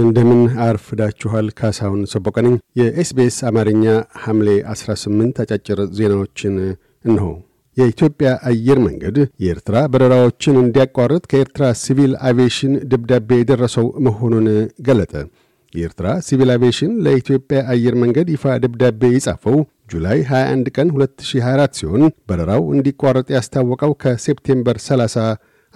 እንደምን አርፍዳችኋል። ካሳሁን ሰቦቀነኝ የኤስቢኤስ አማርኛ ሐምሌ 18 አጫጭር ዜናዎችን እንሆ። የኢትዮጵያ አየር መንገድ የኤርትራ በረራዎችን እንዲያቋርጥ ከኤርትራ ሲቪል አቪሽን ደብዳቤ የደረሰው መሆኑን ገለጠ። የኤርትራ ሲቪል አቪሽን ለኢትዮጵያ አየር መንገድ ይፋ ደብዳቤ የጻፈው ጁላይ 21 ቀን 2024 ሲሆን በረራው እንዲቋረጥ ያስታወቀው ከሴፕቴምበር 30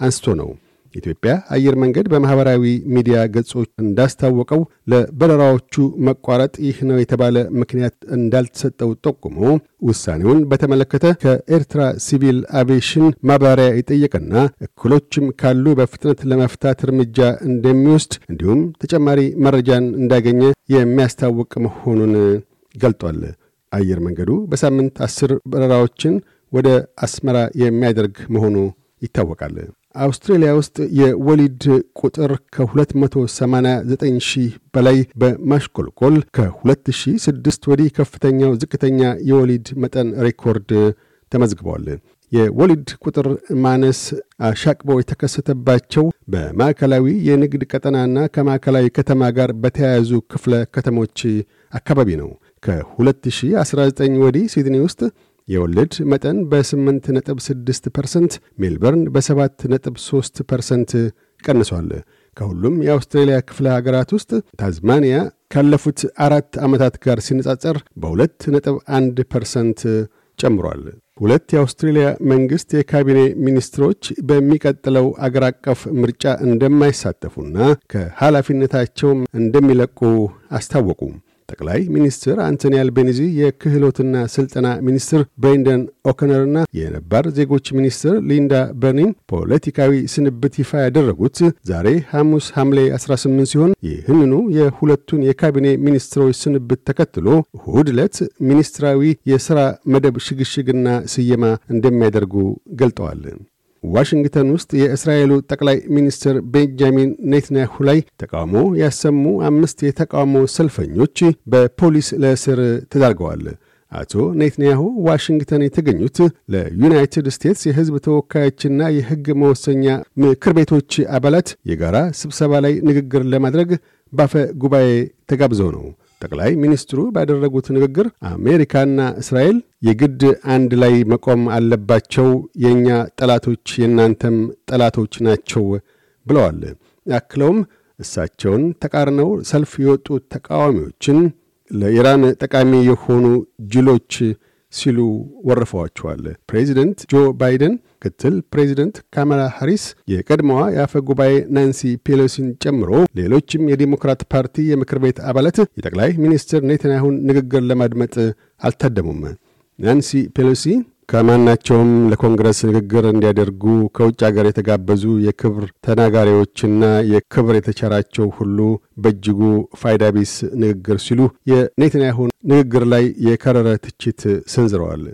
አንስቶ ነው። የኢትዮጵያ አየር መንገድ በማኅበራዊ ሚዲያ ገጾች እንዳስታወቀው ለበረራዎቹ መቋረጥ ይህ ነው የተባለ ምክንያት እንዳልተሰጠው ጠቁሞ ውሳኔውን በተመለከተ ከኤርትራ ሲቪል አቪዬሽን ማብራሪያ የጠየቀና እክሎችም ካሉ በፍጥነት ለመፍታት እርምጃ እንደሚወስድ እንዲሁም ተጨማሪ መረጃን እንዳገኘ የሚያስታውቅ መሆኑን ገልጧል። አየር መንገዱ በሳምንት አስር በረራዎችን ወደ አስመራ የሚያደርግ መሆኑ ይታወቃል። አውስትሬሊያ ውስጥ የወሊድ ቁጥር ከ289 ሺህ በላይ በማሽቆልቆል ከ2006 ወዲህ ከፍተኛው ዝቅተኛ የወሊድ መጠን ሬኮርድ ተመዝግቧል። የወሊድ ቁጥር ማነስ አሻቅቦ የተከሰተባቸው በማዕከላዊ የንግድ ቀጠናና ከማዕከላዊ ከተማ ጋር በተያያዙ ክፍለ ከተሞች አካባቢ ነው። ከ2019 ወዲህ ሲድኒ ውስጥ የወለድ መጠን በ8.6 ፐርሰንት፣ ሜልበርን በ7.3 ፐርሰንት ቀንሷል። ከሁሉም የአውስትሬልያ ክፍለ ሀገራት ውስጥ ታዝማኒያ ካለፉት አራት ዓመታት ጋር ሲነጻጸር በሁለት ነጥብ 1 ፐርሰንት ጨምሯል። ሁለት የአውስትሬልያ መንግሥት የካቢኔ ሚኒስትሮች በሚቀጥለው አገር አቀፍ ምርጫ እንደማይሳተፉና ከኃላፊነታቸውም እንደሚለቁ አስታወቁም። ጠቅላይ ሚኒስትር አንቶኒ አልቤኒዚ፣ የክህሎትና ስልጠና ሚኒስትር ብሬንደን ኦከነርና የነባር ዜጎች ሚኒስትር ሊንዳ በርኒን ፖለቲካዊ ስንብት ይፋ ያደረጉት ዛሬ ሐሙስ ሐምሌ 18 ሲሆን ይህንኑ የሁለቱን የካቢኔ ሚኒስትሮች ስንብት ተከትሎ እሁድ ዕለት ሚኒስትራዊ የሥራ መደብ ሽግሽግና ስየማ እንደሚያደርጉ ገልጠዋል። ዋሽንግተን ውስጥ የእስራኤሉ ጠቅላይ ሚኒስትር ቤንጃሚን ኔትንያሁ ላይ ተቃውሞ ያሰሙ አምስት የተቃውሞ ሰልፈኞች በፖሊስ ለእስር ተዳርገዋል። አቶ ኔትንያሁ ዋሽንግተን የተገኙት ለዩናይትድ ስቴትስ የሕዝብ ተወካዮችና የሕግ መወሰኛ ምክር ቤቶች አባላት የጋራ ስብሰባ ላይ ንግግር ለማድረግ ባፈ ጉባኤ ተጋብዘው ነው። ጠቅላይ ሚኒስትሩ ባደረጉት ንግግር አሜሪካና እስራኤል የግድ አንድ ላይ መቆም አለባቸው፣ የእኛ ጠላቶች የእናንተም ጠላቶች ናቸው ብለዋል። አክለውም እሳቸውን ተቃርነው ሰልፍ የወጡ ተቃዋሚዎችን ለኢራን ጠቃሚ የሆኑ ጅሎች ሲሉ ወርፈዋቸዋል። ፕሬዚደንት ጆ ባይደን፣ ምክትል ፕሬዚደንት ካማላ ሃሪስ፣ የቀድሞዋ የአፈ ጉባኤ ናንሲ ፔሎሲን ጨምሮ ሌሎችም የዲሞክራት ፓርቲ የምክር ቤት አባላት የጠቅላይ ሚኒስትር ኔታንያሁን ንግግር ለማድመጥ አልታደሙም። ናንሲ ፔሎሲ ከማናቸውም ለኮንግረስ ንግግር እንዲያደርጉ ከውጭ አገር የተጋበዙ የክብር ተናጋሪዎችና የክብር የተቸራቸው ሁሉ በእጅጉ ፋይዳቢስ ንግግር ሲሉ የኔታንያሁን ንግግር ላይ የከረረ ትችት ሰንዝረዋል።